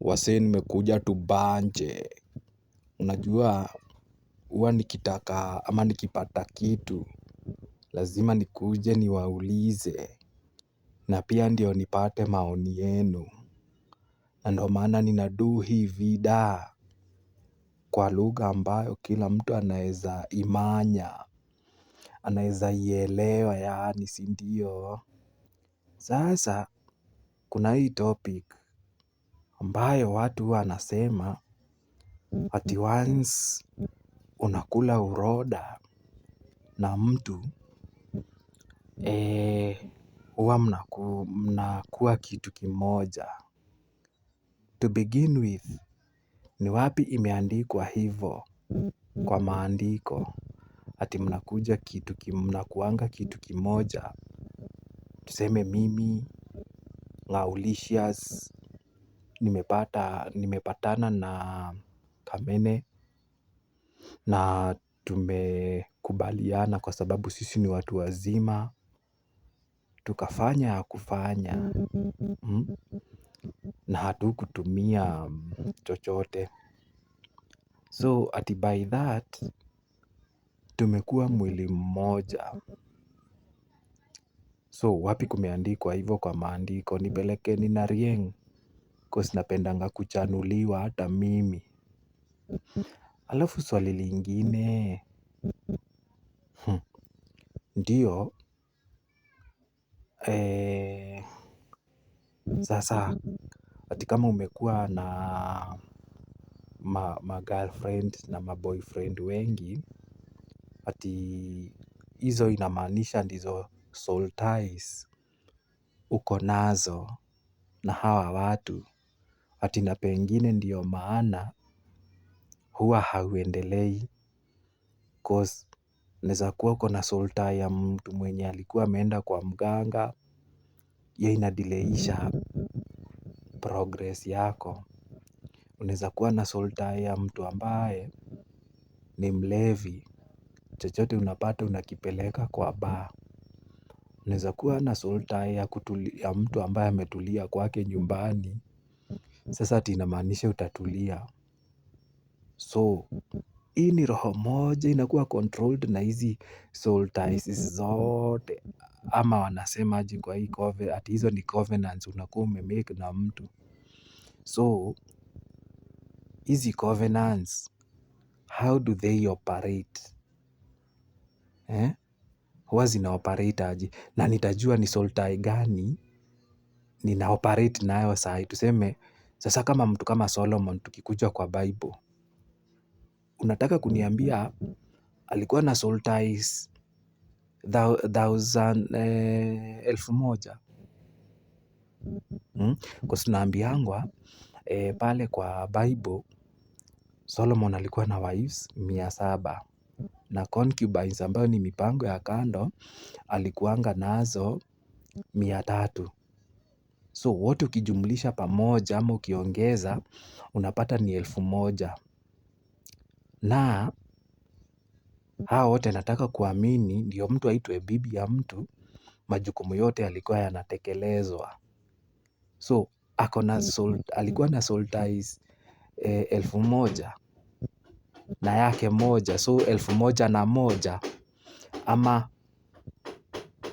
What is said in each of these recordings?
Wasee nimekuja tu banje Unajua huwa nikitaka ama nikipata kitu. Lazima nikuje niwaulize. Na pia ndio nipate maoni yenu. Na ndo maana ninadu hii vida Kwa lugha ambayo kila mtu anaweza imanya. anaweza ielewa yaani si ndio. Sasa kuna hii topic ambayo watu huwa wanasema ati once unakula uroda na mtu eh, huwa mnakuwa kitu kimoja. To begin with ni wapi imeandikwa hivo kwa maandiko ati mnakuja kitu mnakuanga kitu kimoja. Tuseme mimi, Ngaulicious, nimepatana na kamene na tumekubaliana kwa sababu sisi ni watu wazima. Tukafanya ya kufanya mm, na hatukutumia chochote So ati by that tumekuwa mwili mmoja So wapi kumeandikwa hivyo kwa maandiko nipeleke ni narieng course napendanga kuchanuliwa hata mimi. Alafu swali lingine. Hmm. Ndiyo. Eh, sasa ati kama umekuwa na ma na ma wengi ati hizo inamaanisha ndizo soul ties uko nazo na hawa watu ati na pengine ndiyo maana huwa hauendelei cause naweza kuwa uko na sulta ya mtu mwenye alikuwa ameenda kwa mganga ye inadileisha progress yako. unaweza kuwa na sulta ya mtu ambaye ni mlevi chochote unapata unakipeleka kwa ba unaweza kuwa na sulta ya, ya mtu ambaye ametulia kwake nyumbani sasa ati inamaanisha utatulia. So, hii ni roho moja inakuwa controlled na hizi soul ties mm-hmm. zote. Ama wanasema kwa hii covenant, ati hizo ni covenants unakuwa umemake na mtu. So, hizi covenants, how do they operate? Eh? Huwa zina operate aje? Na nitajua ni soul tie gani nina operate nayo sai tuseme sasa kama mtu kama Solomon tukikuja kwa Bible. Unataka kuniambia alikuwa na soul eh, elfu moja kwa hmm? tunaambiangwa eh, pale kwa Bible Solomon alikuwa na wives mia saba na concubines ambayo ni mipango ya kando alikuanga nazo mia tatu So wote ukijumlisha pamoja ama ukiongeza unapata ni elfu moja. Na hao wote nataka kuamini ndiyo mtu aitwe bibi ya mtu majukumu yote yalikuwa yanatekelezwa. So alikuwa na soldiers eh, elfu moja na yake moja so elfu moja na moja ama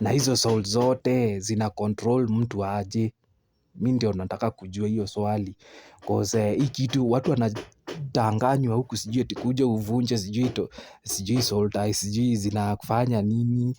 na hizo soul zote zina control mtu aje Mi ndio nataka kujua hiyo swali kause eh, hii kitu watu wanatanganywa huku sijui tikuja uvunje sijui to Sijui soul sijui zinakufanya nini.